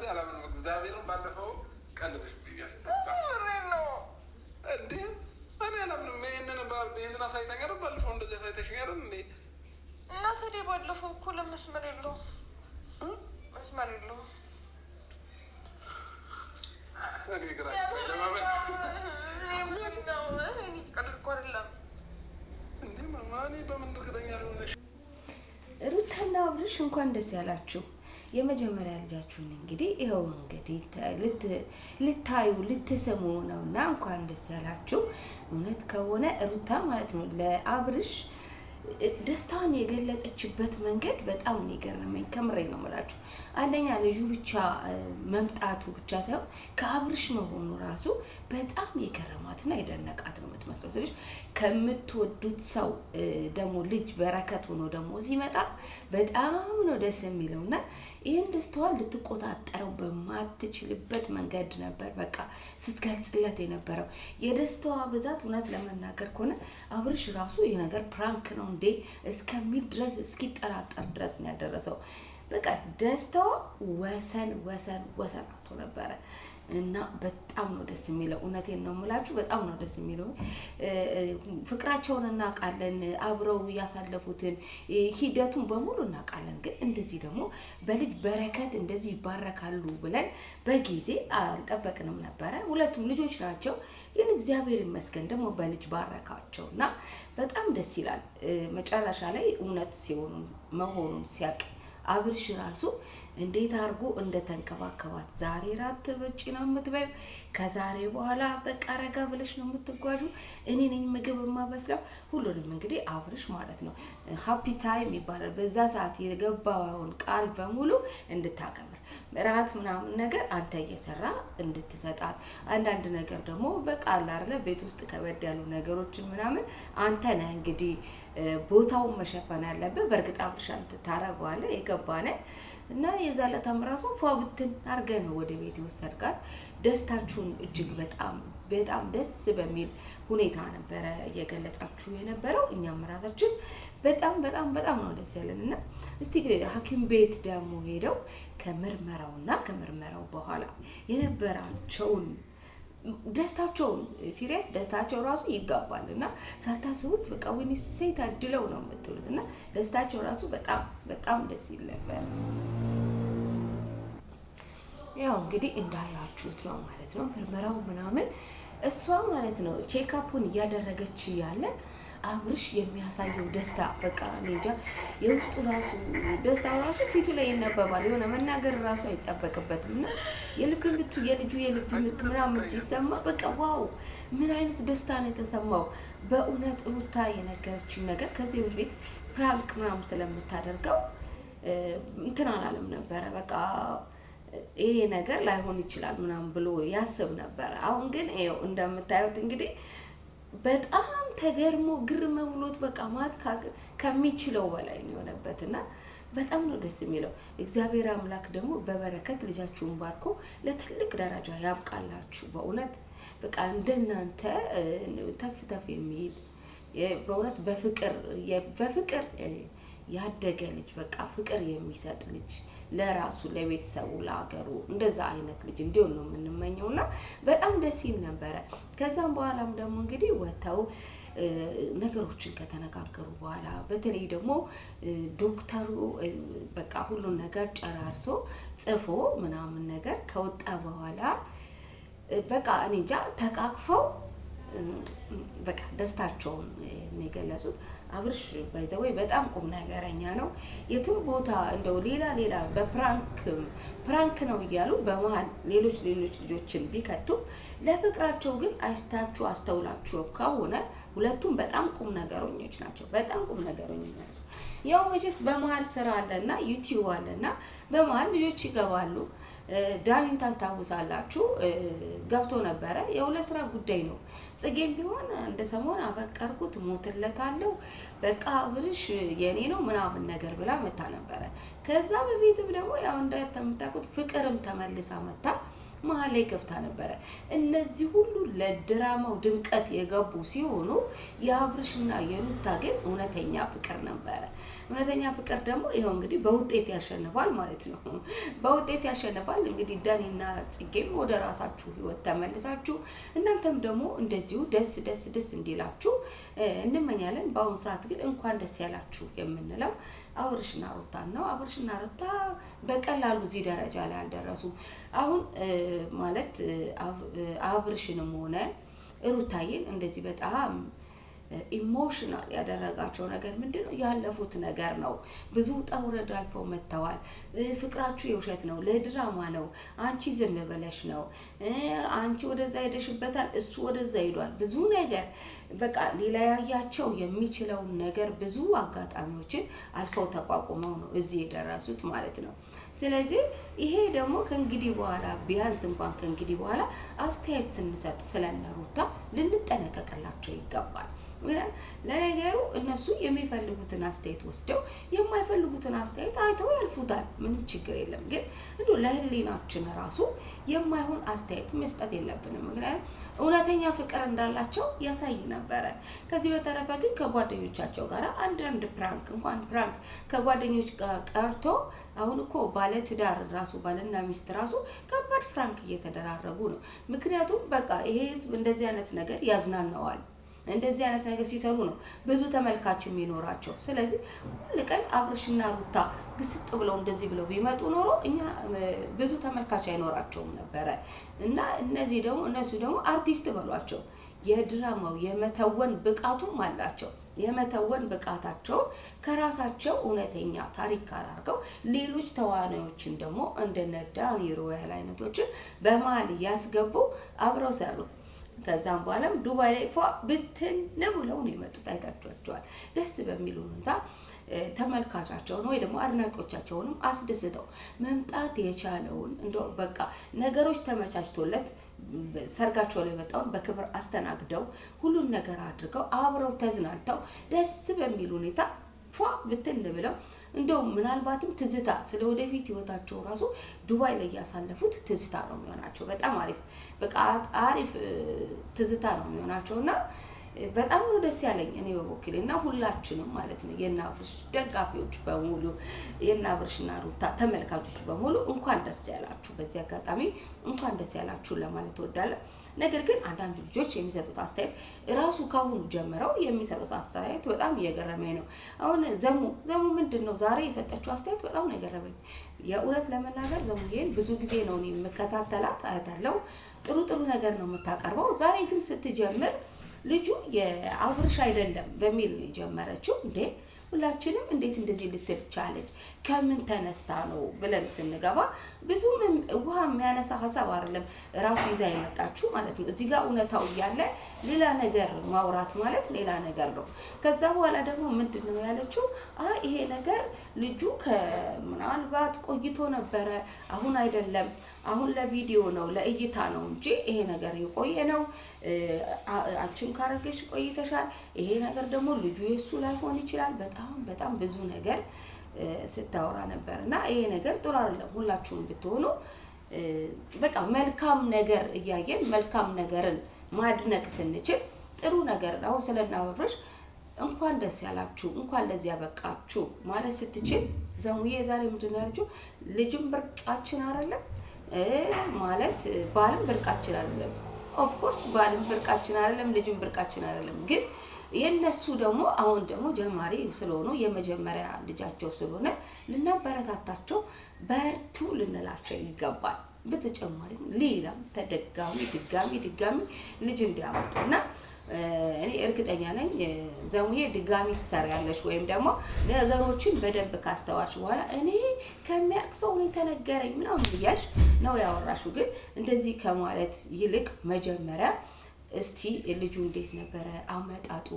በራሴ አላምንም። እግዚአብሔርን ባለፈው ቀልብሽ ነው እንዴ? እኔ አላምንም። ይህንን ይህንን አሳይተኛል። ባለፈው እንደዚህ አሳይተሽኛል እንዴ? እና ታዲያ ባለፈው እኮ ለመስመር የለው መስመር የለው ሩታና አብርሽ እንኳን ደስ ያላችሁ። የመጀመሪያ ልጃችሁን እንግዲህ ይኸው እንግዲህ ልታዩ ልትስሙ ነው እና እንኳን ደስ ያላችሁ። እውነት ከሆነ ሩታ ማለት ነው ለአብርሽ ደስታውን የገለጸችበት መንገድ በጣም ነው የገረመኝ። ከምሬ ነው የምላችሁ። አንደኛ ልዩ ብቻ መምጣቱ ብቻ ሳይሆን ከአብርሽ መሆኑ ራሱ በጣም የገረማትና የደነቃት ነው የምትመስለው። ስለሽ ከምትወዱት ሰው ደግሞ ልጅ በረከት ሆኖ ደግሞ ሲመጣ በጣም ነው ደስ የሚለውና ይህን ደስታዋን ልትቆጣጠረው በማትችልበት መንገድ ነበር በቃ ስትገልጽለት የነበረው። የደስታዋ ብዛት እውነት ለመናገር ከሆነ አብርሽ ራሱ ይህ ነገር ፕራንክ ነው እንዴ እስከሚል ድረስ እስኪጠራጠር ድረስ ነው ያደረሰው። በቃ ደስታዋ ወሰን ወሰን ወሰን አቶ ነበረ። እና በጣም ነው ደስ የሚለው። እውነቴን ነው የምላችሁ፣ በጣም ነው ደስ የሚለው። ፍቅራቸውን እናውቃለን፣ አብረው ያሳለፉትን ሂደቱን በሙሉ እናውቃለን። ግን እንደዚህ ደግሞ በልጅ በረከት እንደዚህ ይባረካሉ ብለን በጊዜ አልጠበቅንም ነበረ። ሁለቱም ልጆች ናቸው፣ ግን እግዚአብሔር ይመስገን ደግሞ በልጅ ባረካቸው እና በጣም ደስ ይላል። መጨረሻ ላይ እውነት ሲሆኑ መሆኑን ሲያውቅ አብርሽ ራሱ እንዴት አድርጎ እንደተንከባከባት ዛሬ ራት በጭ ነው የምትበዩ። ከዛሬ በኋላ በቃ ረጋ ብለሽ ነው የምትጓዡ። እኔ ነኝ ምግብ የማበስለው ሁሉንም። እንግዲህ አብርሽ ማለት ነው ሀፒ ታይም ይባላል። በዛ ሰዓት የገባውን ቃል በሙሉ እንድታከብር ራት ምናምን ነገር አንተ እየሰራ እንድትሰጣት፣ አንዳንድ ነገር ደግሞ በቃ አለ ቤት ውስጥ ከበድ ያሉ ነገሮችን ምናምን አንተ ነህ እንግዲህ ቦታውን መሸፈን አለብህ። በእርግጥ አፍርሻን ታረገዋለህ የገባነ እና የዛ ለታም ራሱ ፏብትን አርገ ነው ወደ ቤት ይወሰድጋል። ደስታችሁን እጅግ በጣም በጣም ደስ በሚል ሁኔታ ነበረ እየገለጻችሁ የነበረው። እኛም ራሳችን በጣም በጣም በጣም ነው ደስ ያለን እና እስቲ ሐኪም ቤት ደግሞ ሄደው ከምርመራውና ከምርመራው በኋላ የነበራቸውን ደስታቸውን ሲሪየስ ደስታቸው ራሱ ይጋባል እና ሳታስቡት በቃ ወይኔ ሴት አድለው ነው የምትሉት እና ደስታቸው ራሱ በጣም በጣም ደስ ይል ነበር። ያው እንግዲህ እንዳያችሁት ነው ማለት ነው ምርመራው ምናምን እሷ ማለት ነው ቼክአፑን እያደረገች ያለ አብርሽ የሚያሳየው ደስታ በቃ ሜጃ የውስጡ ራሱ ደስታ ራሱ ፊቱ ላይ ይነበባል። የሆነ መናገር ራሱ አይጠበቅበትም እና የልብ ምቱ የልጁ የልብ ምት ምናምን ሲሰማ በቃ ዋው ምን አይነት ደስታ ነው የተሰማው። በእውነት ሩታ የነገረችው ነገር ከዚህ በፊት ፕራንክ ምናምን ስለምታደርገው እንትን አላለም ነበረ በቃ ይሄ ነገር ላይሆን ይችላል ምናምን ብሎ ያስብ ነበረ። አሁን ግን እንደምታዩት እንግዲህ በጣም ተገርሞ ግርም ብሎት በቃ ማት ከሚችለው በላይ ነው የሆነበት እና በጣም ነው ደስ የሚለው። እግዚአብሔር አምላክ ደግሞ በበረከት ልጃችሁን ባርኮ ለትልቅ ደረጃ ያብቃላችሁ። በእውነት በቃ እንደናንተ ተፍ ተፍ የሚሄድ በእውነት በፍቅር በፍቅር ያደገ ልጅ በቃ ፍቅር የሚሰጥ ልጅ ለራሱ ለቤተሰቡ ለሀገሩ እንደዛ አይነት ልጅ እንዲሆን ነው የምንመኘው እና በጣም ደስ ይል ነበረ። ከዛም በኋላም ደግሞ እንግዲህ ወጥተው ነገሮችን ከተነጋገሩ በኋላ በተለይ ደግሞ ዶክተሩ በቃ ሁሉን ነገር ጨራርሶ ጽፎ ምናምን ነገር ከወጣ በኋላ በቃ እኔ እንጃ ተቃቅፈው በቃ ደስታቸውን ነው የገለጹት። አብርሽ ባይዘወይ በጣም ቁም ነገረኛ ነው። የትም ቦታ እንደው ሌላ ሌላ በፕራንክ ፕራንክ ነው እያሉ በመሀል ሌሎች ሌሎች ልጆችን ቢከቱ ለፍቅራቸው ግን አይታችሁ አስተውላችሁ ከሆነ ሁለቱም በጣም ቁም ነገረኞች ናቸው። በጣም ቁም ነገረኞች ናቸው። ያው መቼስ በመሀል ስራ አለና ዩቲዩብ አለና በመሀል ልጆች ይገባሉ። ዳኒን ታስታውሳላችሁ፣ ገብቶ ነበረ። የሁለት ስራ ጉዳይ ነው። ጽጌም ቢሆን እንደ ሰሞን አፈቀርኩት፣ ሞትለታለሁ፣ በቃ ብርሽ የኔ ነው ምናምን ነገር ብላ መታ ነበረ። ከዛ በፊትም ደግሞ ያው እንደምታውቁት ፍቅርም ተመልሳ መታ መሀል ላይ ገብታ ነበረ። እነዚህ ሁሉ ለድራማው ድምቀት የገቡ ሲሆኑ የአብርሽና የሩታ ግን እውነተኛ ፍቅር ነበረ። እውነተኛ ፍቅር ደግሞ ይኸው እንግዲህ በውጤት ያሸንፋል ማለት ነው። በውጤት ያሸንፋል እንግዲህ ዳኒና ጽጌም ወደ ራሳችሁ ህይወት ተመልሳችሁ እናንተም ደግሞ እንደዚሁ ደስ ደስ ደስ እንዲላችሁ እንመኛለን። በአሁኑ ሰዓት ግን እንኳን ደስ ያላችሁ የምንለው አብርሽና ሩታ ነው። አብርሽና ሩታ በቀላሉ እዚህ ደረጃ ላይ አልደረሱም። አሁን ማለት አብርሽንም ሆነ ሩታዬን እንደዚህ በጣም ኢሞሽናል ያደረጋቸው ነገር ምንድን ነው? ያለፉት ነገር ነው። ብዙ ውጣ ውረድ አልፈው መጥተዋል። ፍቅራችሁ የውሸት ነው፣ ለድራማ ነው፣ አንቺ ዝም ብለሽ ነው፣ አንቺ ወደዛ ሄደሽበታል፣ እሱ ወደዛ ሄዷል። ብዙ ነገር በቃ ሊለያያቸው የሚችለውን ነገር ብዙ አጋጣሚዎችን አልፈው ተቋቁመው ነው እዚህ የደረሱት ማለት ነው። ስለዚህ ይሄ ደግሞ ከእንግዲህ በኋላ ቢያንስ እንኳን ከእንግዲህ በኋላ አስተያየት ስንሰጥ ስለነሩታ ልንጠነቀቅላቸው ይገባል። ለነገሩ እነሱ የሚፈልጉትን አስተያየት ወስደው የማይፈልጉትን አስተያየት አይተው ያልፉታል። ምንም ችግር የለም። ግን እንዲ ለህሊናችን ራሱ የማይሆን አስተያየት መስጠት የለብንም። ምክንያቱም እውነተኛ ፍቅር እንዳላቸው ያሳይ ነበረ። ከዚህ በተረፈ ግን ከጓደኞቻቸው ጋር አንዳንድ ፕራንክ እንኳን ፕራንክ ከጓደኞች ጋር ቀርቶ አሁን እኮ ባለ ትዳር ራሱ ባልና ሚስት ራሱ ከባድ ፍራንክ እየተደራረጉ ነው። ምክንያቱም በቃ ይሄ ህዝብ እንደዚህ አይነት ነገር ያዝናነዋል። እንደዚህ አይነት ነገር ሲሰሩ ነው ብዙ ተመልካች የሚኖራቸው። ስለዚህ ሁል ቀን አብርሽና ሩታ ግስጥ ብለው እንደዚህ ብለው ቢመጡ ኖሮ እኛ ብዙ ተመልካች አይኖራቸውም ነበረ እና እነዚህ ደግሞ እነሱ ደግሞ አርቲስት በሏቸው የድራማው የመተወን ብቃቱም አላቸው። የመተወን ብቃታቸውን ከራሳቸው እውነተኛ ታሪክ ጋር አድርገው ሌሎች ተዋናዮችን ደግሞ እንደነዳ ሮያል አይነቶችን በመሀል ያስገቡ አብረው ሰሩት። ከዛም በኋላም ዱባይ ላይ ፏ ብትን ብለው ነው የመጡት። አይታችኋቸዋል። ደስ በሚል ሁኔታ ተመልካቻቸውን ወይ ደግሞ አድናቂዎቻቸውንም አስደስተው መምጣት የቻለውን እንደው በቃ ነገሮች ተመቻችቶለት ሰርጋቸው ላይ መጣውን በክብር አስተናግደው ሁሉን ነገር አድርገው አብረው ተዝናንተው ደስ በሚል ሁኔታ ፏ ብትን ብለው እንደውም ምናልባትም ትዝታ ስለ ወደፊት ህይወታቸው ራሱ ዱባይ ላይ ያሳለፉት ትዝታ ነው የሚሆናቸው። በጣም አሪፍ በቃ አሪፍ ትዝታ ነው የሚሆናቸው እና በጣም ነው ደስ ያለኝ እኔ በበኩሌ እና ሁላችንም ማለት ነው የእነ ደጋፊዎች በሙሉ የእነ አብርሽና ሩታ ተመልካቾች በሙሉ እንኳን ደስ ያላችሁ። በዚህ አጋጣሚ እንኳን ደስ ያላችሁ ለማለት እወዳለሁ። ነገር ግን አንዳንድ ልጆች የሚሰጡት አስተያየት እራሱ ካሁኑ ጀምረው የሚሰጡት አስተያየት በጣም እየገረመኝ ነው። አሁን ዘሙ ዘሙ ምንድን ነው ዛሬ የሰጠችው አስተያየት በጣም ነው የገረመኝ። የእውነት ለመናገር ዘሙዬን ብዙ ጊዜ ነው የምከታተላት፣ አያታለሁ። ጥሩ ጥሩ ነገር ነው የምታቀርበው። ዛሬ ግን ስትጀምር ልጁ የአብርሽ አይደለም በሚል ነው የጀመረችው። እንዴ ሁላችንም እንዴት እንደዚህ ልትል ቻለች? ከምን ተነስታ ነው ብለን ስንገባ ብዙም ውሃ የሚያነሳ ሀሳብ አይደለም ራሱ ይዛ የመጣችሁ ማለት ነው። እዚህ ጋር እውነታው እያለ ሌላ ነገር ማውራት ማለት ሌላ ነገር ነው። ከዛ በኋላ ደግሞ ምንድን ነው ያለችው? አይ ይሄ ነገር ልጁ ከምናልባት ቆይቶ ነበረ አሁን አይደለም አሁን ለቪዲዮ ነው ለእይታ ነው እንጂ ይሄ ነገር የቆየ ነው። አክሽን ካረገሽ ቆይተሻል። ይሄ ነገር ደግሞ ልጁ የሱ ላይሆን ይችላል። በጣም በጣም ብዙ ነገር ስታወራ ነበር እና ይሄ ነገር ጥሩ አይደለም። ሁላችሁም ብትሆኑ በቃ መልካም ነገር እያየን መልካም ነገርን ማድነቅ ስንችል ጥሩ ነገር ነው ስለናወሮች እንኳን ደስ ያላችሁ እንኳን ለዚህ ያበቃችሁ ማለት ስትችል ዘሙዬ ዛሬ ምንድን ነው ያለችው? ልጅም ብርቃችን አይደለም ማለት ባልም ብርቃችን አይደለም። ኦፍኮርስ ባልም ብርቃችን አይደለም፣ ልጅም ብርቃችን አይደለም። ግን የነሱ ደግሞ አሁን ደግሞ ጀማሪ ስለሆኑ የመጀመሪያ ልጃቸው ስለሆነ ልናበረታታቸው በርቱ ልንላቸው ይገባል። በተጨማሪም ሌላም ተደጋሚ ድጋሚ ድጋሚ ልጅ እንዲያመጡ እና እኔ እርግጠኛ ነኝ ዘሙዬ ድጋሚ ትሰሪያለሽ፣ ወይም ደግሞ ነገሮችን በደንብ ካስተዋልሽ በኋላ እኔ ከሚያቅሰው ሰው ነው የተነገረኝ ምናምን ነው ያወራሹ። ግን እንደዚህ ከማለት ይልቅ መጀመሪያ እስቲ ልጁ እንዴት ነበረ አመጣጡ፣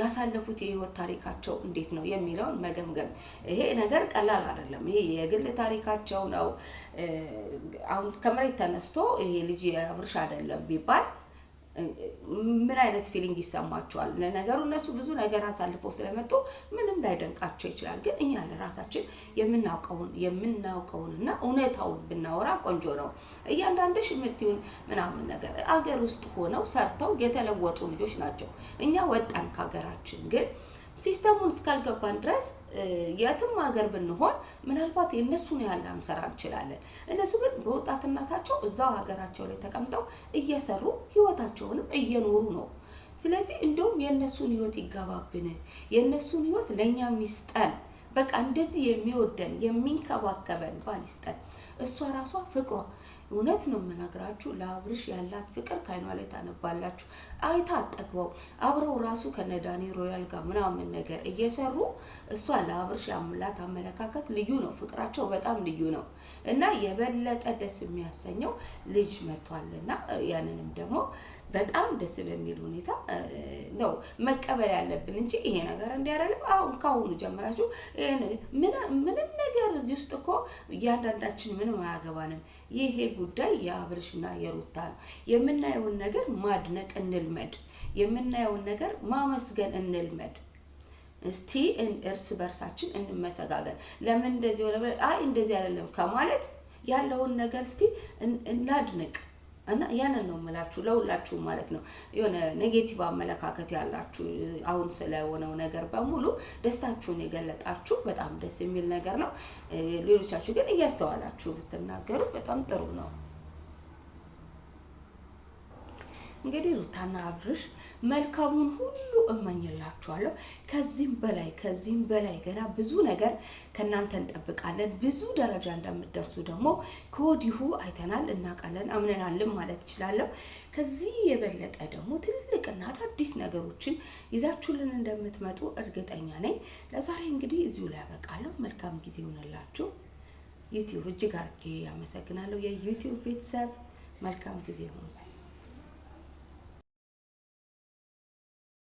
ያሳለፉት የህይወት ታሪካቸው እንዴት ነው የሚለውን መገምገም። ይሄ ነገር ቀላል አይደለም። ይሄ የግል ታሪካቸው ነው። አሁን ከመሬት ተነስቶ ይሄ ልጅ የአብርሽ አይደለም ቢባል ምን አይነት ፊሊንግ ይሰማቸዋል? ለነገሩ እነሱ ብዙ ነገር አሳልፈው ስለመጡ ምንም ላይደንቃቸው ይችላል። ግን እኛ ለራሳችን የምናውቀውን የምናውቀውንና እውነታውን ብናወራ ቆንጆ ነው። እያንዳንድሽ የምትይውን ምናምን ነገር አገር ውስጥ ሆነው ሰርተው የተለወጡ ልጆች ናቸው። እኛ ወጣን ከሀገራችን ግን ሲስተሙን እስካልገባን ድረስ የትም ሀገር ብንሆን ምናልባት የእነሱን ያህል አንሰራ እንችላለን። እነሱ ግን በወጣትነታቸው እዛው ሀገራቸው ላይ ተቀምጠው እየሰሩ ህይወታቸውንም እየኖሩ ነው። ስለዚህ እንደውም የእነሱን ህይወት ይገባብን፣ የእነሱን ህይወት ለእኛ ይስጠን። በቃ እንደዚህ የሚወደን የሚንከባከበን ባል ይስጠን። እሷ ራሷ ፍቅሯ እውነት ነው የምነግራችሁ። ለአብርሽ ያላት ፍቅር ከአይኗ ላይ ታነባላችሁ። አይታ አጠግበው አብረው ራሱ ከነዳኒ ሮያል ጋር ምናምን ነገር እየሰሩ እሷ ለአብርሽ ያምላት አመለካከት ልዩ ነው። ፍቅራቸው በጣም ልዩ ነው እና የበለጠ ደስ የሚያሰኘው ልጅ መጥቷልና ያንንም ደግሞ በጣም ደስ በሚል ሁኔታ ነው መቀበል ያለብን እንጂ ይሄ ነገር እንዲያረልም አሁን ካሁኑ ጀምራችሁ ምንም ነገር እዚህ ውስጥ እኮ እያንዳንዳችን ምንም አያገባንም። ይሄ ጉዳይ የአብርሽና የሩታ ነው። የምናየውን ነገር ማድነቅ እንልመድ። የምናየውን ነገር ማመስገን እንልመድ። እስቲ እርስ በርሳችን እንመሰጋገን። ለምን እንደዚህ ሆነ? አይ እንደዚህ አይደለም ከማለት ያለውን ነገር እስቲ እናድንቅ። እና ያንን ነው የምላችሁ ለሁላችሁ ማለት ነው። የሆነ ኔጌቲቭ አመለካከት ያላችሁ አሁን ስለሆነው ነገር በሙሉ ደስታችሁን የገለጣችሁ በጣም ደስ የሚል ነገር ነው። ሌሎቻችሁ ግን እያስተዋላችሁ ብትናገሩ በጣም ጥሩ ነው። እንግዲህ ሩታና አብርሽ መልካሙን ሁሉ እመኝላችኋለሁ። ከዚህም በላይ ከዚህም በላይ ገና ብዙ ነገር ከእናንተ እንጠብቃለን። ብዙ ደረጃ እንደምትደርሱ ደግሞ ከወዲሁ አይተናል፣ እናውቃለን፣ አምነናልም ማለት እችላለሁ። ከዚህ የበለጠ ደግሞ ትልቅና አዳዲስ ነገሮችን ይዛችሁልን እንደምትመጡ እርግጠኛ ነኝ። ለዛሬ እንግዲህ እዚሁ ላይ ያበቃለሁ። መልካም ጊዜ ይሆንላችሁ። ዩቲዩብ እጅግ አርጌ ያመሰግናለሁ። የዩቲዩብ ቤተሰብ መልካም ጊዜ ይሆን።